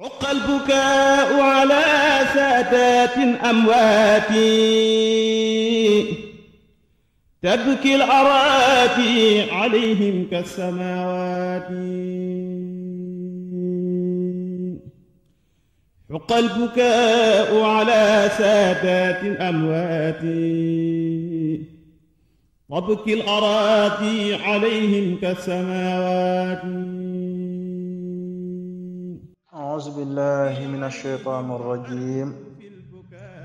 حق البكاء على سادات أمواتي تبكي الأراتي عليهم كالسماوات حق البكاء على سادات أمواتي تبكي الأراتي عليهم كالسماوات أعوذ بالله من الشيطان الرجيم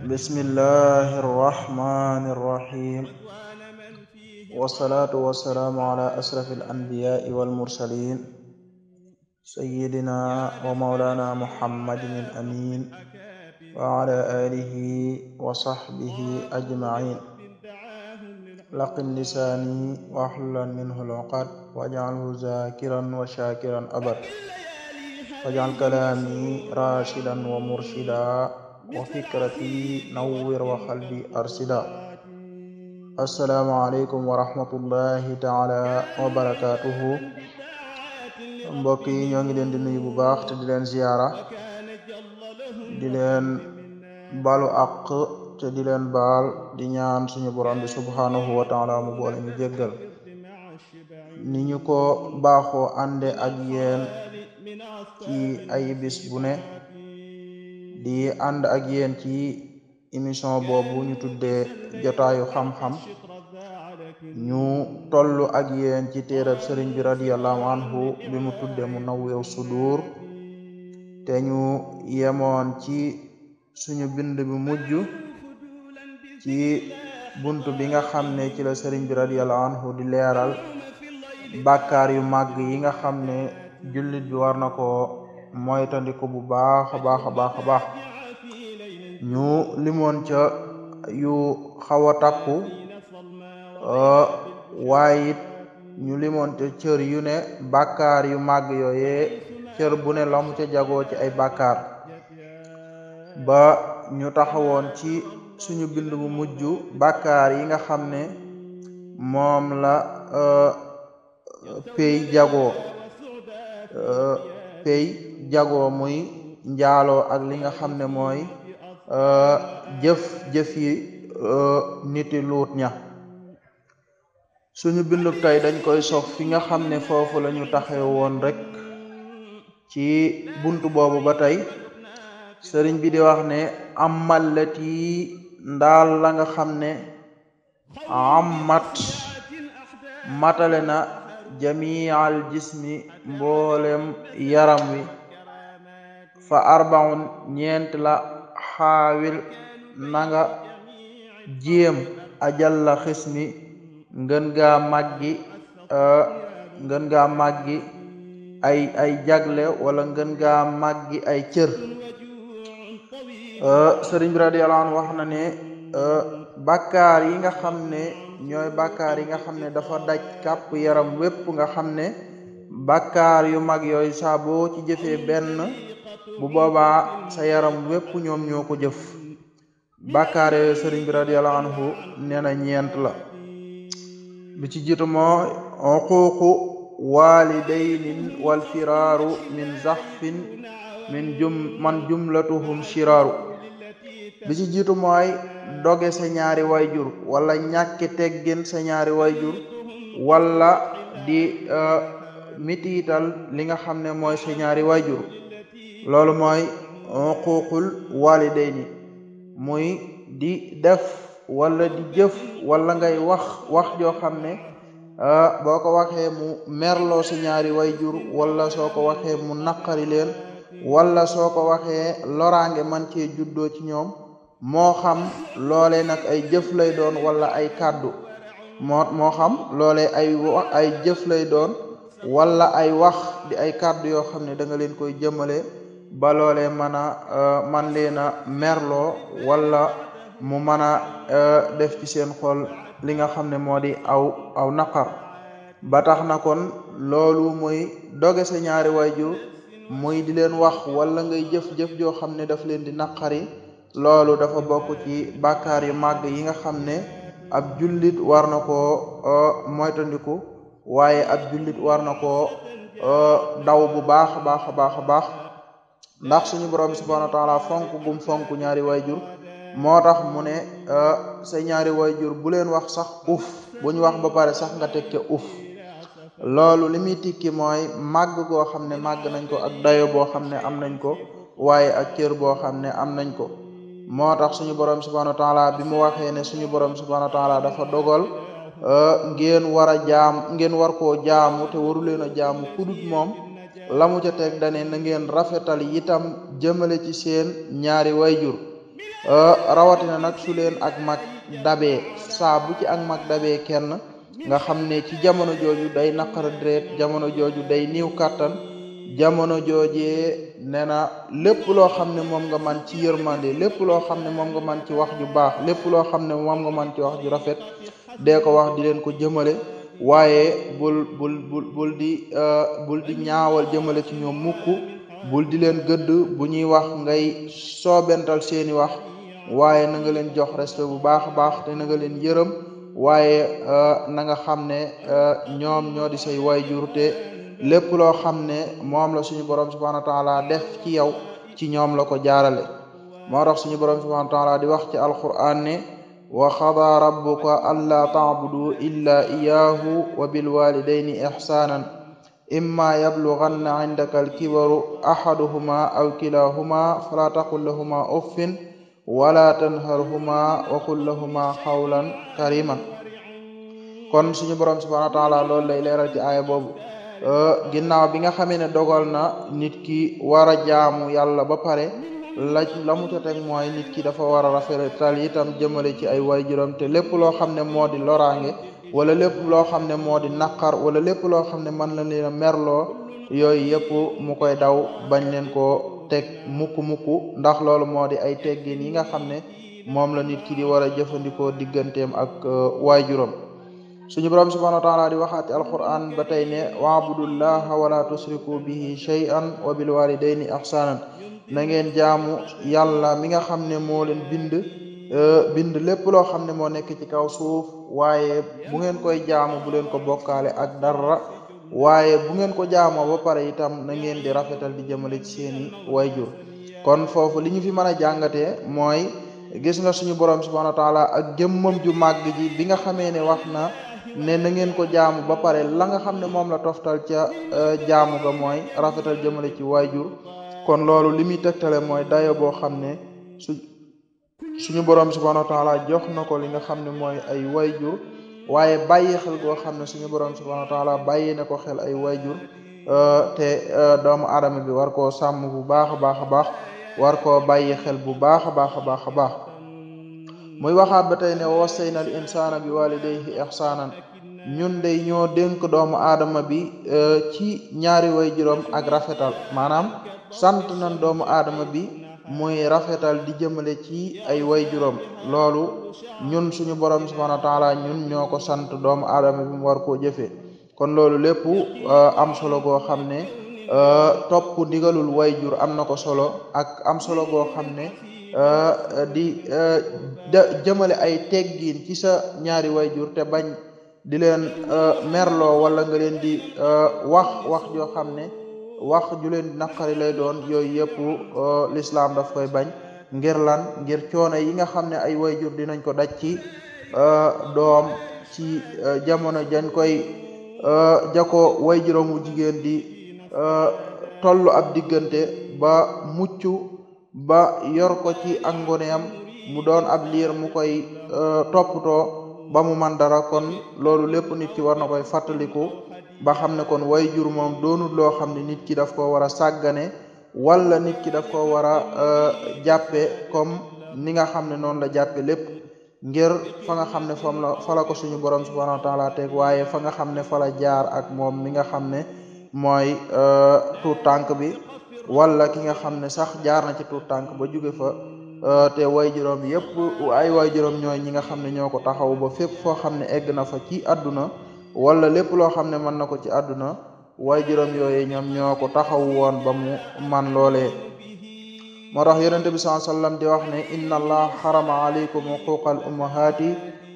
بسم الله الرحمن الرحيم والصلاة والسلام على أشرف الأنبياء والمرسلين سيدنا ومولانا محمد الأمين وعلى آله وصحبه أجمعين لقن لساني وأحلل منه العقد واجعله ذاكرا وشاكرا أبدا wajal kalaami rashidan wa murshida wa fikrati nawwir wa qalbi arshida assalaamu aleykum wa rahmatullahi taala wa barakatuhu mbokk yi ñoo ngi leen di nuyu bu baax te di leen ziyaara di leen balu àq te leen baal di ñaan suñu borom bi subhaanahu wa taala mu boole ñu jéggal ni ñu ko baaxoo ànde ak yéen ci ay bis bu ne di ànd ak yéen ci émission boobu ñu tuddee jotaayu xam-xam ñu toll ak yéen ci téerab sëriñ bi radiyallahu anhu bi mu tuddee Munawwir Sudur te ñu yemoon ci suñu bind bi mujj ci bunt bi nga xam ne ci la sëriñ bi radiyallahu anhu di leeral bàkkaar yu màgg yi nga xam ne jullit bi war na ko moytandiku bu baax a baax a baax baax ñu limoon ca yu xaw a takku euh, waaye ñu limoon ca cër yu ne bàkkaar yu màgg yooyee cër bu ne lamu ca jagoo ci ay bàkkaar ba ñu taxawoon ci suñu bind bu mujj bàkkaar yi nga xam ne moom la euh, pay jagoo pay jago muy njaaloo ak li nga xam ne mooy euh, jëf jëf yi euh, niti luut ña suñu bindu tey dañ koy sof fi nga xam ne foofu lañu ñu woon rek ci bunt boobu ba tey sëriñ bi di wax ne amallat yi ndaal la nga xam ne amat matale na jamial jismi mboolem yaram wi fa arbaun ñeent la xaawil nanga jéem ajalla xismi ngën gaa màggi ngën gaa màggi ay ay jagle wala ngën gaa màggi ay cër sëriñ bi wax na ne bàkkaar yi nga xam ne ñooy bàkkaar yi nga xam ne dafa daj kàpp yaram wépp nga xam ne bàkkaar yu mag yooyu saa boo ci jëfee benn bu boobaa sa yaram wépp ñoom ñoo ko jëf bàkkaar yooyu sëriñ bi radiyallahu anhu nee na ñeent la bi ci jiitu moo uquuqu walidaynin wal firaaru min zaxfin min jum man jumlatuhum shiraaru bi ci jiitu mooy doge sa ñaari waajur wala ñàkki teggin sa ñaari waajur wala di euh, mitiital li nga xam ne mooy sa ñaari wayjur loolu mooy xuquuqul walidayni muy di def wala di jëf wala ngay wax wax joo xam ne euh, boo ko waxee mu merloo si ñaari wayjur wala soo ko waxee mu naqari leen wala soo ko waxee loraange man cee juddoo ci ñoom moo xam loole nag ay jëf lay doon wala ay kàddu moo moo xam loole ay ay jëf lay doon wala ay wax di ay kàddu yoo xam ne danga leen koy jëmale ba loolee mën a euh, man leen a merloo wala mu mën a euh, def ci seen xool li nga xam ne moo di aw aw naqar ba tax na kon loolu muy doge sa ñaari waajur muy di leen wax wala ngay jëf-jëf joo xam ne daf leen di naqari loolu dafa bokk ci bàkkaar yu màgg yi nga xam ne ab jullit war na koo moytandiku waaye ab jullit war na koo daw bu baax a baax a baax baax ndax suñu borom bi subhanahu wa fonk gum fonk ñaari jur moo tax mu ne sa ñaari wayjur bu leen wax sax uuf bu wax ba pare sax nga teg ca uuf loolu li muy tikki mooy màgg goo xam ne màgg nañ ko ak dayo boo xam ne am nañ ko waaye ak cër boo xam ne am nañ ko moo tax suñu borom subhanahu wa taala bi mu waxee ne suñu borom subhanahu wa taala dafa dogal euh, ngeen war a jaam ngeen war koo jaamu te waru leen a jaamu kudut moom la mu ca teg dane na ngeen rafetal itam jëmale ci seen ñaari wayjur euh, rawatina nag su leen ak mag dabee saa bu ci ak mag dabee kenn nga xam ne ci jamono jooju day naqara deret jamono jooju day niiw kattan jamono joojee nee na lépp loo xam ne moom nga man ci yërmande lépp loo xam ne moom nga man ci wax ju baax lépp loo xam ne moom nga man ci wax ju rafet dee ko wax di leen ko jëmale waaye bul bul bul bul di euh, bul di ñaawal jëmale ci ñoom mukk bul di leen gëdd bu ñuy wax ngay soobental seeni wax waaye nanga leen jox respect bu baax a baax te nanga leen yërëm waaye euh, na nga xam ne euh, ñoom ñoo di say waay jur lépp loo xam ne moom la suñu borom subhanahu wa taala def ci yow ci ñoom la ko jaarale moo tax suñu borom subhanahu wa taala di wax ci alquran ne wa xada rabbuka alla taabudu illa iyahu wa bilwalidayni ixsaanan imma yablughanna indaka alkibaru ahaduhuma aw kilahuma fala taqul lahuma uffin wala tanharhuma wa qul lahuma qawlan kon suñu borom subhanahu wa taala loolu lay leeral ci boobu Euh, ginnaaw bi nga xamee ne dogal na nit ki war a jaamu yàlla ba pare la la mu ca teg mooy nit ki dafa war a rafetal itam jëmale ci ay waajuram te lépp loo xam ne moo di loraange wala lépp loo xam ne moo di naqar wala lépp loo xam ne man la leen a merloo yooyu yëpp mu koy daw bañ leen koo teg mukk ndax loolu moo di ay teggin yi nga xam ne moom la nit ki di war a jëfandikoo digganteem ak euh, juróom suñu borom subhanahu wa taala di waxaati alquran ba tey ne waabudullaha wala tusriku bihi shay'an wa bil walidayni ihsanan na ngeen jaamu yàlla mi nga xam ne moo leen bind e, bind lépp loo xam ne moo nekk ci kaw suuf waaye bu ngeen koy jaamu bu leen ko bokkaale ak dara waaye bu ngeen ko jaamoo ba pare itam na ngeen di rafetal di jëmale ci seeni wayjur kon foofu li fi mën a jàngatee mooy gis nga suñu borom subhanahu wa taala ak jëmmam ju màgg ji bi nga xamee ne wax na ne na ngeen ko jaamu ba pare la nga xam ne moom la toftal ca euh, jaamu ga mooy rafetal jëmale ci waajur kon loolu li muy tegtale mooy dayo boo xam ne su suñu borom subhanahu wa taala jox na ko li nga xam ne mooy ay waajur waaye bàyyi xel goo xam ne suñu borom subhanahu wa taala bàyyi na ko xel ay waajur euh, te euh, doomu aadama bi war koo sàmm bu baax a baax a baax war koo bàyyi xel bu baax a baax a baax a baax muy waxaat ba tey ne wasaynal insaana bi walidayhi ihsaanan ñun day ñoo dénk doomu aadama bi euh, ci ñaari way juróom ak rafetal maanaam sant nañ doomu aadama bi muy rafetal di jëmale ci ay way juróom loolu ñun suñu borom subhanahu wa taala ñun ñoo ko sant doomu aadama bi mu war koo jëfe kon loolu lépp euh, am solo goo xam ne euh, topp ndigalul way jur am na ko solo ak am solo goo xam ne Euh, di euh, jëmale ay teggiin ci sa ñaari wayjur te bañ di leen euh, merlo wala nga leen di wax wax joo xam ne wax ju leen naqari lay doon yooyu yëpp lislaam daf koy bañ ngir lan ngir coono yi nga xam ne ay wayjur dinañ ko daj ci doom ci jamono jañ koy ja ko wayjuróom wu jigéen di tollu ab diggante ba mucc ba yor ko ci ak ngoneem mu doon ab liir mu koy e, toppatoo ba mu man dara kon loolu lépp nit ki war na koy fàttaliku ba xam ne kon way jur moom doonul loo xam ne nit ki daf ko war a sàggane wala nit ki daf ko war a e, jàppe kom ni nga xam ne noonu la jàppe lépp ngir fa nga xam ne fam la fa la ko suñu borom subhanahu wa taala teg waaye fa nga xam ne fala jaar ak moom mi nga xam ne mooy e, tuut tànk bi wala ki nga xam ne sax jaar na ci tuut tànk ba jóge fa euh, te way juróom yëpp ay way juróom ñooy ñi nga xam ne ñoo ko taxaw ba fépp foo xam ne egg na fa ci àdduna wala lépp loo xam ne mën na ko ci àdduna way juróom yooyu ñoom ñoo ko taxaw woon ba mu man loolee moo tax yonent bi saa sallam di wax ne inna allah xarama aleykum xuquqal ummahaati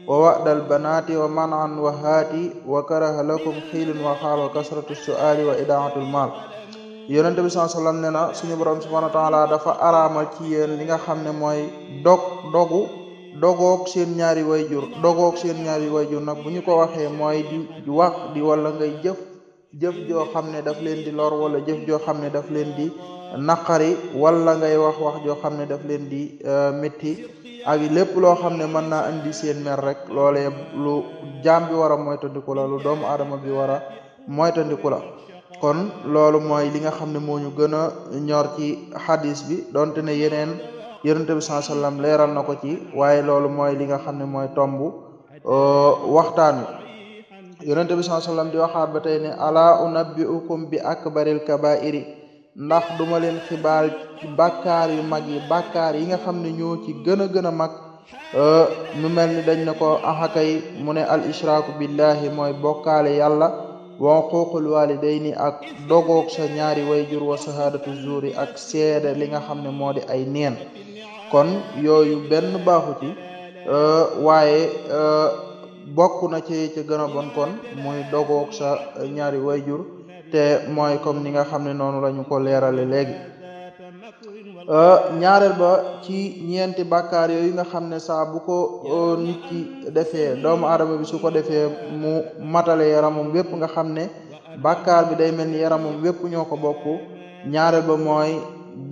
wa wa'dal banaati wa manan wa haati wa karaha lakum xiilin wa xaal wa kasratu suaali wa idaatul maal yonente bi saa sallam ne na suñu borom subhanahu wa taala dafa araama ci yéen li nga xam ne mooy dog dogu dogoog seen ñaari wayjur dogoog seen ñaari wayjur nag bu ñu ko waxee mooy di wax di walla ngay jëf jëf joo xam ne daf leen di lor wala jëf joo xam ne daf leen di naqari wala ngay wax wax joo xam ne daf leen di euh, métti ak lépp loo xam ne mën naa indi seen mer rek loolee lu jaam bi war a moytandiku la lu doomu aadama bi war a moytandiku la kon loolu mooy li nga xam ne moo ñu gën a ñor ci xadiis bi donte ne yeneen yonent bi saa sallam leeral na ko ci waaye loolu mooy li nga xam ne mooy tomb euh, waxtaan wi yonent bi saa sallam di waxaat ba tey ne ala unabbiukum bi akbaril kabairi ndax duma leen xibaar bakkaar yu mag yi bakkaar yi nga xam ne ñu ci gën a gën a mag euh, mu mel ni dañ ne ko axakay mu ne al ishraaku billahi mooy bokkaale yàlla wa day walidayni ak dogoog sa ñaari wayjur wa sahaadatu yi ak seede li nga xam ne moo di ay neen kon yooyu benn baaxu ci euh, waaye euh, bokk na ci ca gën a bon kon muy dogoog sa ñaari wayjur te mooy comme ni nga xam ne noonu la ñu ko leerale léegi Euh, ñaareel ba ci ñeenti bàkkaar yooyu nga xam ne saa bu ko euh, nit defee doomu aadama bi su ko defee mu matale yaramum wépp nga xam ne bàkkaar bi day mel ni yaramam wépp ñoo ko bokk ñaareel ba mooy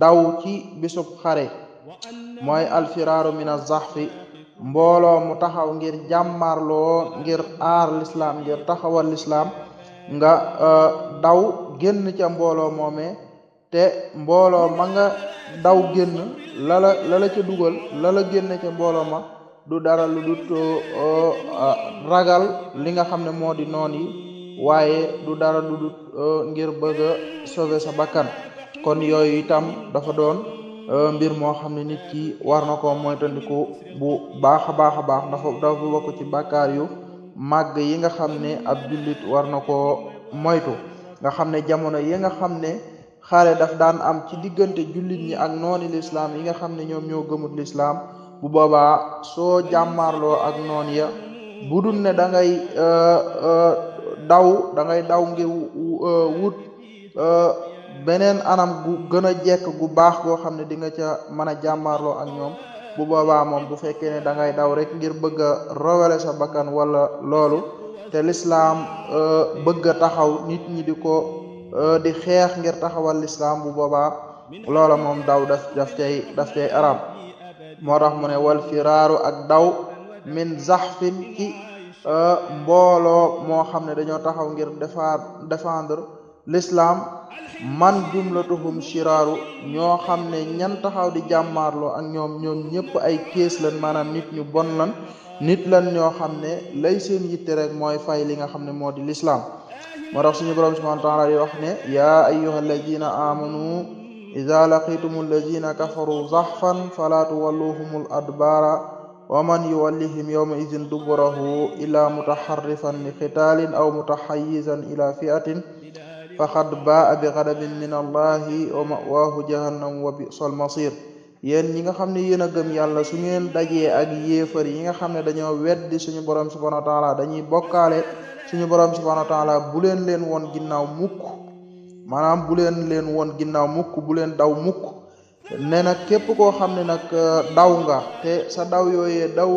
daw ci bisub xare mooy alfiraaru min azzaxfi mbooloo mu taxaw ngir jàmmarloo ngir aar lislaam ngir taxawal lislaam nga euh, daw génn ca mbooloo moomee te mbooloo ma nga daw génn lala lala ca dugal lala génn ca mbooloo ma du dara lu uh, uh, ragal li nga xam ne moo di noon yi waaye du dara lu uh, ngir bëgg a sa bakkan kon yooyu itam dafa doon mbir moo xam ne nit ki war na ko moytandiku bu baax a baax a baax dafa dafa bokk ci bàkkaar yu màgg yi nga xam ne ab jullit war na ko moytu nga xam ne jamono yi nga xam ne xare daf daan am ci diggante jullit ñi ak nooni lislaam yi nga xam ne ñoom ñoo gëmut lislaam bu boobaa soo jàmmaarloo ak noon ya bu dul ne dangay ngay euh, euh, daw dangay ngay daw ngir euh, wut beneen anam gu gën a jekk gu baax goo xam ne di ca mën a jàmmaarloo ak ñoom bu boobaa moom bu fekkee da ngay daw rek ngir bëgg a rowale sa bakkan wala loolu te lislaam bëgg taxaw nit ñi di ko Euh, di xeex ngir taxawal lislaam bu boobaa loola moom daw daf daf cay daf cay arab moo tax mu ne wal firaaru ak daw min zaxfin ci euh, mbooloo moo xam ne dañoo taxaw ngir defar défendre l'islam man jumlatuhum shiraaru ñoo xam ne ñan taxaw di jàmmaarloo ak ñoom ñoom ñëpp ay kees lan maanaam nit ñu bon lan nit lan ñoo xam ne lay seen yitte rek mooy fay li nga xam ne moo di lislaam moo tax suñu borom subhanahu wa taala di wax ne yaa ayyuha alladina amanu ida laqitum alladina kafaru zaxfan fala tuwalluhum al adbara wa man yuwallihim yawma idin duburahu ila mutaharrifan li qitaalin aw mutahayyizan ila fi'atin faqad baa'a bi ghadabin min allahi wa ma'waahu jahannam wa bi'sal masir yéen ñi nga xam ne yéen a gëm yàlla su ngeen dajee ak yéefar yi nga xam ne dañoo weddi suñu borom subhanahu wa taala dañuy bokkaale suñu borom subhanahu wa taala bu leen leen woon ginnaaw mukk maanaam bu leen leen woon ginnaaw mukk bu leen daw mukk ne nag képp koo xam ne nag euh, daw nga te sa daw yooyee daw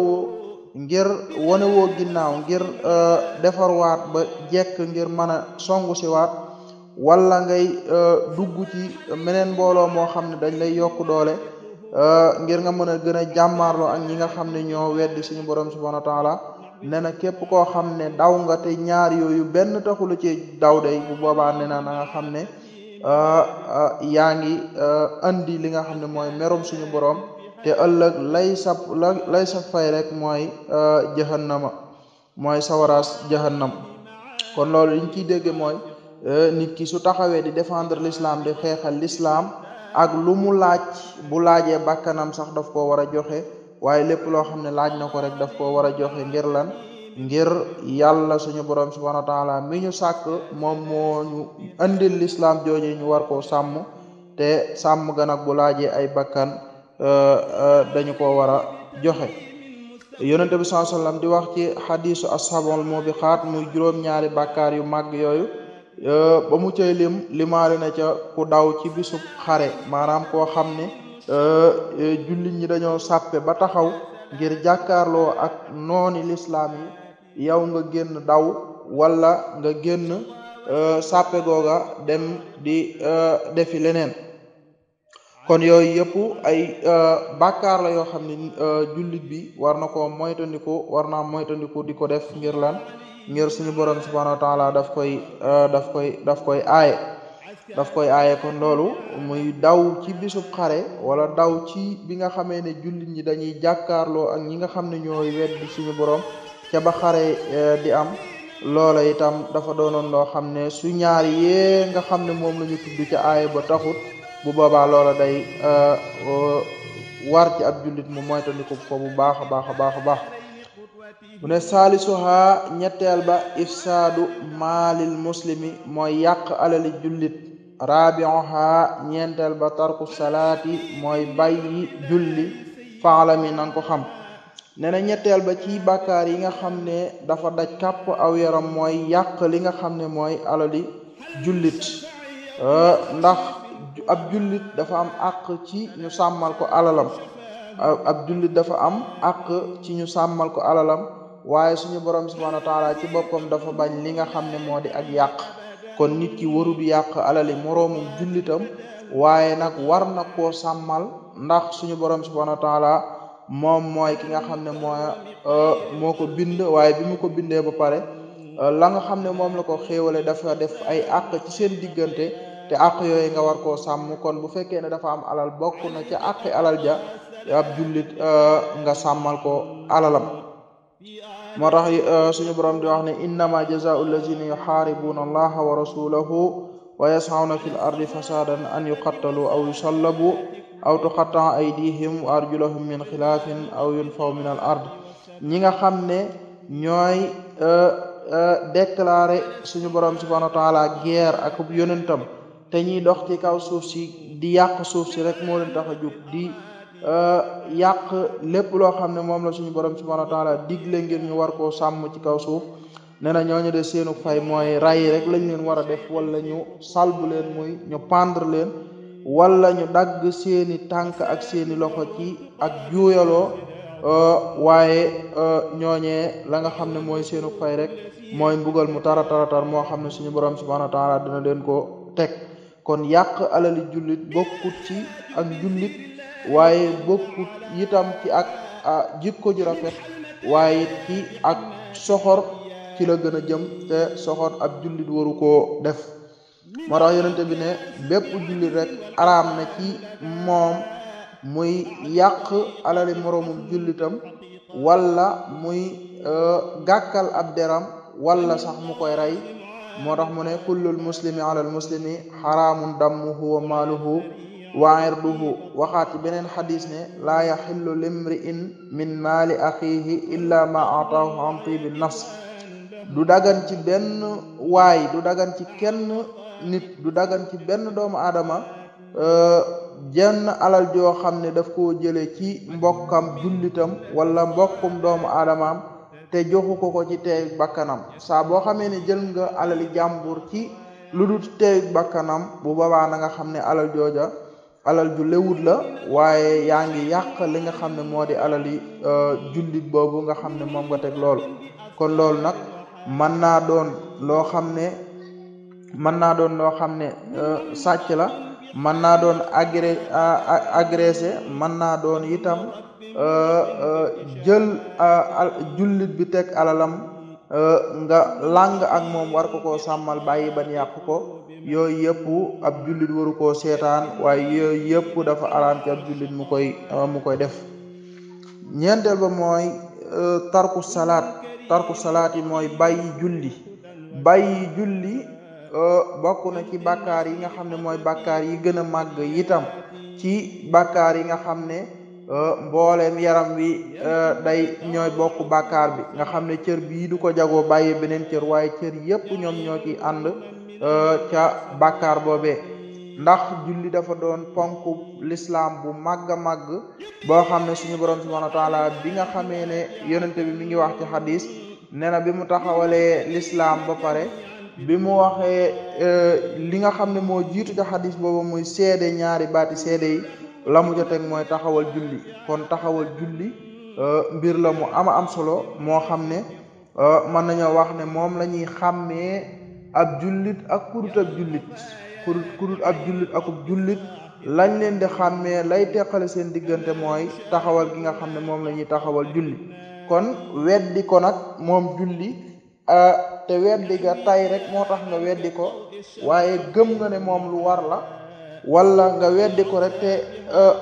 ngir wane woo ginnaaw ngir euh, defar waat ba jekk ngir mën a songu si waat wala ngay euh, dugg ci meneen mbooloo moo xam ne dañ lay yokk doole Euh, ngir nga mën a gën a jàmmaarloo ak ñi nga xam ne ñoo weddi suñu borom subhanahu wa taala nee na képp koo xam ne daw nga te ñaar yooyu benn taxu ci daw day bu boobaa nee na na nga xam ne euh, euh, yaa ngi indi li nga xam ne mooy merum suñu borom te ëllëg lay sa lay sa fay rek mooy jahannama mooy sawaraas jahannam kon loolu liñ ciy dégge mooy nit ki su taxawee di défendre l'islam di xeexal lislaam ak lu mu laaj bu laajee bàkkanam sax daf ko war a joxe waaye lépp loo xam ne laaj na ko rek daf ko war a joxe ngir lan ngir yàlla suñu borom subhanahu wa taala mi ñu sàkk moom moo ñu andil lislaam jooje ñu war koo sàmm te sàmm ga bu laajee ay bakkan euh, euh, dañu ko war a joxe yonente bi sallallahu di wax ci xadisu ashabul mubiqaat muy juróom-ñaari bàkkaar yu màgg yooyu ba mu lim lima na ca ku daw ci bisub xare maanaam koo xam ne jullit ñi dañoo sàppe ba taxaw ngir jàkkaarloo ak nooni lislaam yi yow nga génn daw wala nga génn sàppe googa dem di defi leneen kon yooyu yëpp ay bàkkaar la yoo xam ne jullit bi war na ko moytandiku war naa moytandiku di ko def ngir lan ngir suñu borom subhanahu wa taala daf koy eh, daf koy daf koy aaye daf koy aaye kon loolu muy daw ci bisub xare wala daw ci bi nga xamee ne jullit ñi dañuy jàkkaarloo ak ñi nga xam ne ñooy weddi suñu borom ca ba xare eh, di am loola itam dafa doonoon loo xam ne su ñaar yee nga xam ne moom la ñu tudd ca aaye ba taxut bu boobaa loolo day eh, war ci ab jullit mu moytandiku ko bu baax a baax a baax a baax mu ne salisuha ñetteel ba ifsaadu maalil muslimi mooy yàq alali jullit rabiuha ñeenteel ba tarku salaati mooy bàyyi julli faalami nan ko xam ne na ñetteel ba ci bàkkaar yi nga xam ne dafa daj kàpp aw yaram mooy yàq li nga xam ne mooy alali jullit ndax ab jullit dafa am àq ci ñu sàmmal ko alalam ab jullit dafa am àq ci ñu sàmmal ko alalam waaye suñu borom subhanahu wa taala ci boppam dafa bañ li nga xam ne moo di ak yàq kon nit ki warul yàq alali moroomum jullitam waaye nag war na koo sàmmal ndax suñu borom subhanahu wa taala moom mooy ki nga xam ne moo euh, moo ko bind waaye bi mu ko bindee ba pare euh, la nga xam ne moom la ko xéewale dafa def ay àq ci seen diggante te àq yooyu nga war koo sàmm kon bu fekkee ne dafa am alal bokk na ci àqi alal ja ab jullit euh, nga sàmmal ko alalam moo tax eh, suñu borom di wax ne innama jazaau allazina yuxaaribuuna allaha wa rasulahu wa yas'awna fi l ardi fasadan an yuqattalu aw yusallabu aw tuqattaa aydihim wa arjulahum min xilaafin aw yunfaw min al ard ñi nga xam ne ñooy eh, eh, déclaré suñu borom subhanahu wa taala guerre ak yonentam te ñuy dox ci kaw suuf si di yàq suuf si rek moo leen tax a jóg di Euh, yàq lépp loo xam ne moom la suñu borom subhanahu wa taala digle ngir ñu war koo sàmm ci kaw suuf nee na ñooñu de seenu fay mooy ray rek lañ leen war a def wala ñu salbu leen muy ñu pendre leen wala ñu dagg seeni tànk ak seeni loxo ci ak juuyaloo euh, waaye euh, ñooñee la nga xam ne mooy seenu fay rek mooy mbugal mu tara taratar moo xam ne suñu borom subhanahu wa taala dina leen ko teg kon yàq alali jullit bokkut ci ak jullit waaye bokkut itam ci ak jikko ju rafet waaye ci ak soxor ci la gën a jëm te soxor ab jullit waru koo def moo tax yonente bi ne bépp jullit rek araam na ci moom muy yàq alali moroomum jullitam wala muy e, gàkkal ab deram wala sax mu koy rey moo tax mu ne kullul muslimi alal muslimi xaraamun dammuhu wa maaluhu wairduhu waxaat ci beneen xadis ne laa yaxillu limri in min maali axiihi illa ma ataahu an du dagan ci benn waay du dagan ci kenn nit du dagan ci benn doomu aadama euh, jenn alal joo xam ne daf ko jële ci mbokkam jullitam wala mbokkum doomu aadamaam te joxu ko ko ci teey bakkanam saa boo xamee ne jël nga alali jàmbur ci lu dul teey bakkanam bu boobaa na nga xam ne alal jooja alal ju lewut la waaye yaa ngi yàq li nga xam ne moo di alal yi euh, jullit boobu nga xam ne moom nga teg loolu kon loolu nag mën naa doon loo xam ne mën naa doon loo xam ne euh, sàcc la mën naa doon agré agressé mën naa doon itam euh, jël jullit bi teg alalam nga làng ak moom war ko koo sàmmal bàyyi bañ yàq ko yooyu yëpp ab jullit waru koo seetaan waaye yooyu yëpp dafa araam ci ab jullit mu koy mu koy def ñeenteel ba mooy e, tarku salaat tarku salaat yi mooy bàyyi julli bàyyi julli e, bokk na ci bàkkaar yi nga xam ne mooy bàkkaar yi gën a màgg itam ci bàkkaar yi nga xam ne e, mbooleem yaram wi day ñooy bokk bàkkaar bi nga xam ne cër bii du ko jagoo bàyyi beneen cër waaye cër yëpp ñoom ñoo ci ànd Euh, ca bàkkaar boobee ndax julli dafa doon ponk lislaam bu màgg a màgg boo xam ne suñu borom subhanahu wa taala bi nga xamee ne yonente bi mi ngi wax ci xadis nee na bi mu taxawalee lislaam ba pare bi mu waxee euh, li nga xam ne moo jiitu ca xadis boobu muy seede ñaari baati seede yi la mu joteg mooy taxawal julli kon taxawal julli euh, mbir la mu ama am solo moo xam ne mën nañoo wax ne moom la ñuy xàmmee ab jullit ak kurut ab jullit kurut kurut ab jullit akub jullit lañ leen di xàmmee lay teqale seen diggante mooy taxawal gi nga xam ne moom lañuy taxawal julli kon weddi ko nag moom julli te weddi ga tay rek moo tax nga weddi ko waaye gëm nga ne moom lu war la walla nga weddi ko rek te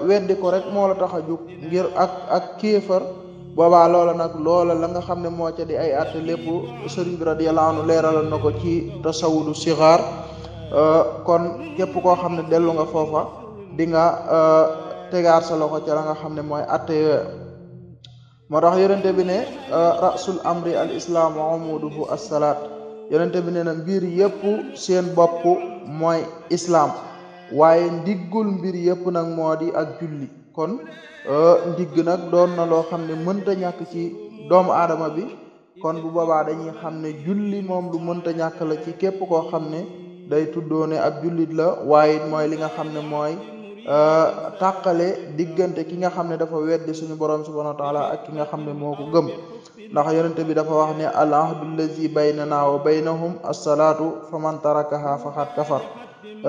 weddi ko rek moo la tax a jóg ngir ak ak kéefar boobaa loola nag loola la nga xam ne moo ca ay àtte lépp sëriñ bi radiyallahu anhu leeralal ko ci tasawudu sigaar euh, kon képp koo xam ne dellu nga foofa di nga euh, tegaar sa loxo ca la nga xam ne mooy àtte yooyu moo tax bi ne euh, rasul amri al islaam wa umuduhu assalaat yonente bi ne na mbir yëpp seen bopp mooy islaam waaye ndiggul mbir yëpp nag moo di ak julli kon euh, ndigg nag doon na loo xam ne mënta ñàkk ci doomu aadama bi kon bu boobaa dañuy xam ne julli moom lu mënta ñàkk la ci képp koo xam ne day tuddoone ne ab jullit la waaye mooy li nga xam ne mooy euh, tàqale diggante ki nga xam ne dafa weddi suñu borom subhanahu wa taala ak ki nga xam ne moo ko gëm ndax yonente bi dafa wax ne al ahdu allazi baynana wa baynahum assalaatu fa man tarakaha faqad kafar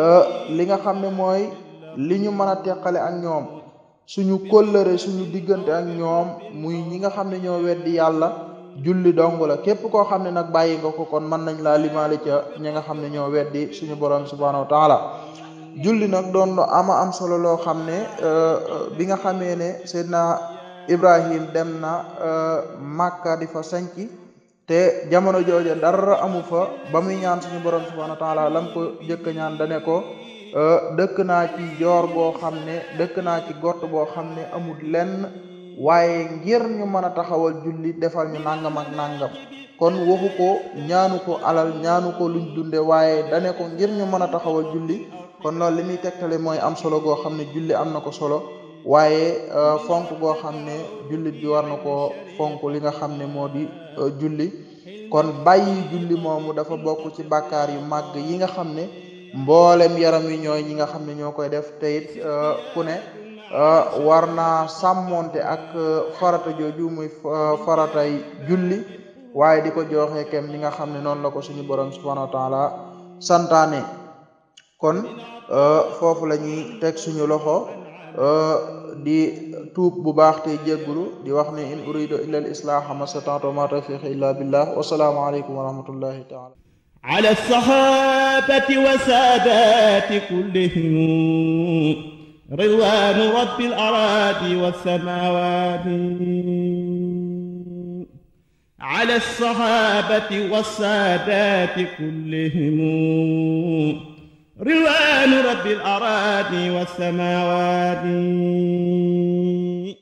euh, li nga xam ne mooy li ñu mën a teqale ak ñoom suñu kóllëre suñu diggante ak ñoom muy ñi nga xam ne ñoo weddi yàlla julli dong la képp koo xam ne nag bàyyi nga ko kon mën nañ laa limaale ca ñi nga xam ne ñoo weddi suñu borom subhaanahu wa taala julli nag doon lu ama am solo loo xam ne euh, euh, bi nga xamee ne seydna ibrahim dem na euh, màkka di fa sanci te jamono jooja dara amu fa ba muy ñaan suñu borom subhaanahu wa taala lam ko jëkk ñaan dane ko Euh, dëkk naa ci joor boo xam ne dëkk naa ci gott boo xam ne amul lenn waaye ngir ñu mën a taxawal julli defal ñu nangam ak nangam kon waxu ko ñaanu ko alal ñaanu ko luñ dunde waaye dane ko ngir ñu mën a taxawal julli kon loolu li muy tegtale mooy am solo goo xam ne julli am na ko solo waaye euh, fonk goo xam ne jullit bi war na ko fonk li nga xam ne moo di euh, julli kon bàyyi julli moomu dafa bokk ci bàkkaar yu màgg yi nga xam ne mbooleem yaram wi ñooy ñi nga xam ne ñoo koy def te it euh, ku ne euh, war naa sàmmonte ak euh, farata jooju muy faratay julli waaye di ko joxe kem ni nga xam ne noonu la ko suñu borom subhanahu wa taala santaane kon foofu la ñuy teg suñu loxo di tuub bu baax te jéggulu di wax ne in uridu illa al islaaha ma stata'tu ma tawfiqi illa billah wasalaamu aleykum wa rahmatullahi taala على الصحابة والسادات كلهم رضوان رب الأراضي والسماوات على الصحابة والسادات كلهم رضوان رب الأراضي والسماوات